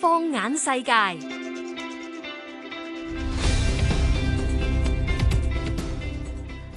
放眼世界。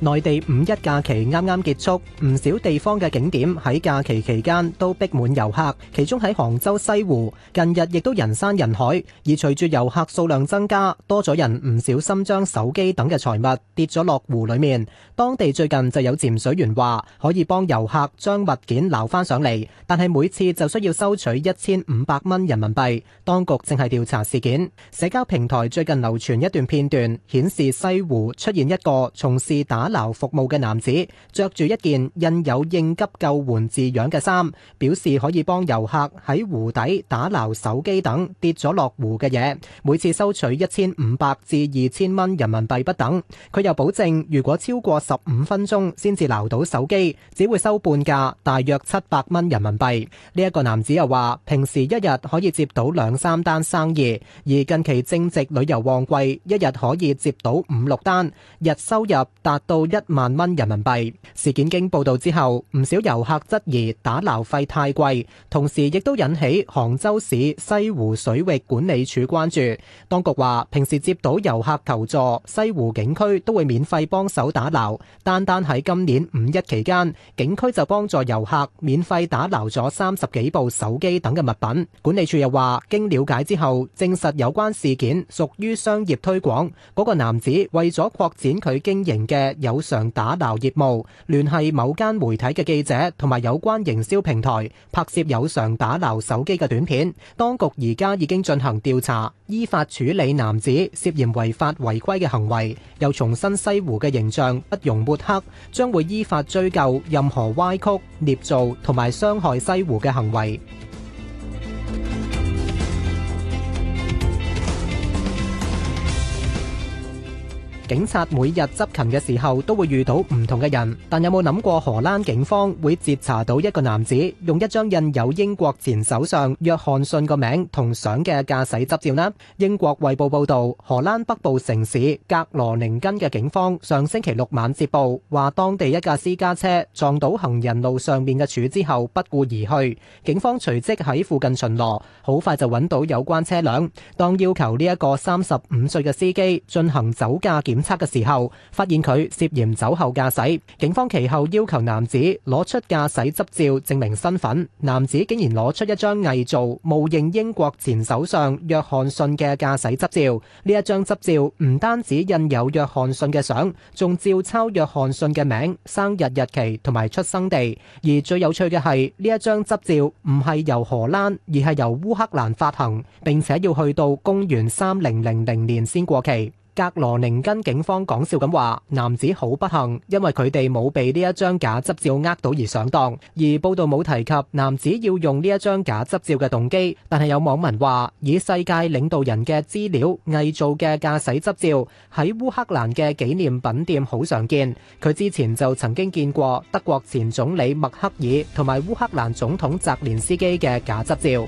內地五一假期啱啱結束，唔少地方嘅景點喺假期期間都逼滿遊客，其中喺杭州西湖，近日亦都人山人海。而隨住遊客數量增加，多咗人唔小心將手機等嘅財物跌咗落湖裏面。當地最近就有潛水員話可以幫遊客將物件撈翻上嚟，但係每次就需要收取一千五百蚊人民幣。當局正係調查事件。社交平台最近流傳一段片段，顯示西湖出現一個從事打。打撈服務嘅男子着住一件印有應急救援字樣嘅衫，表示可以幫遊客喺湖底打撈手機等跌咗落湖嘅嘢，每次收取一千五百至二千蚊人民幣不等。佢又保證，如果超過十五分鐘先至撈到手機，只會收半價，大約七百蚊人民幣。呢一個男子又話，平時一日可以接到兩三單生意，而近期正值旅遊旺季，一日可以接到五六單，日收入達到。1> 到一萬蚊人民幣。事件經報道之後，唔少遊客質疑打撈費太貴，同時亦都引起杭州市西湖水域管理處關注。當局話，平時接到遊客求助，西湖景區都會免費幫手打撈，單單喺今年五一期間，景區就幫助遊客免費打撈咗三十幾部手機等嘅物品。管理處又話，經了解之後，證實有關事件屬於商業推廣。嗰個男子為咗擴展佢經營嘅有償打撈業務，聯繫某間媒體嘅記者同埋有關營銷平台，拍攝有償打撈手機嘅短片。當局而家已經進行調查，依法處理男子涉嫌違法違規嘅行為，又重申西湖嘅形象不容抹黑，將會依法追究任何歪曲、捏造同埋傷害西湖嘅行為。警察每日執勤嘅時候都會遇到唔同嘅人，但有冇諗過荷蘭警方會截查到一個男子用一張印有英國前首相約翰遜個名同相嘅駕駛執照呢？英國衛報報道，荷蘭北部城市格羅寧根嘅警方上星期六晚接報話當地一架私家車撞到行人路上面嘅柱之後不顧而去，警方隨即喺附近巡邏，好快就揾到有關車輛，當要求呢一個三十五歲嘅司機進行酒駕檢。檢測嘅時候，發現佢涉嫌酒後駕駛，警方其後要求男子攞出駕駛執照證明身份，男子竟然攞出一張偽造冒認英國前首相約翰遜嘅駕駛執照，呢一張執照唔單止印有約翰遜嘅相，仲照抄約翰遜嘅名、生日、日期同埋出生地，而最有趣嘅係呢一張執照唔係由荷蘭，而係由烏克蘭發行，並且要去到公元三零零零年先過期。格羅寧根警方講笑咁話：男子好不幸，因為佢哋冇被呢一張假執照呃到而上當。而報道冇提及男子要用呢一張假執照嘅動機，但係有網民話，以世界領導人嘅資料偽造嘅駕駛執照喺烏克蘭嘅紀念品店好常見。佢之前就曾經見過德國前總理默克爾同埋烏克蘭總統澤連斯基嘅假執照。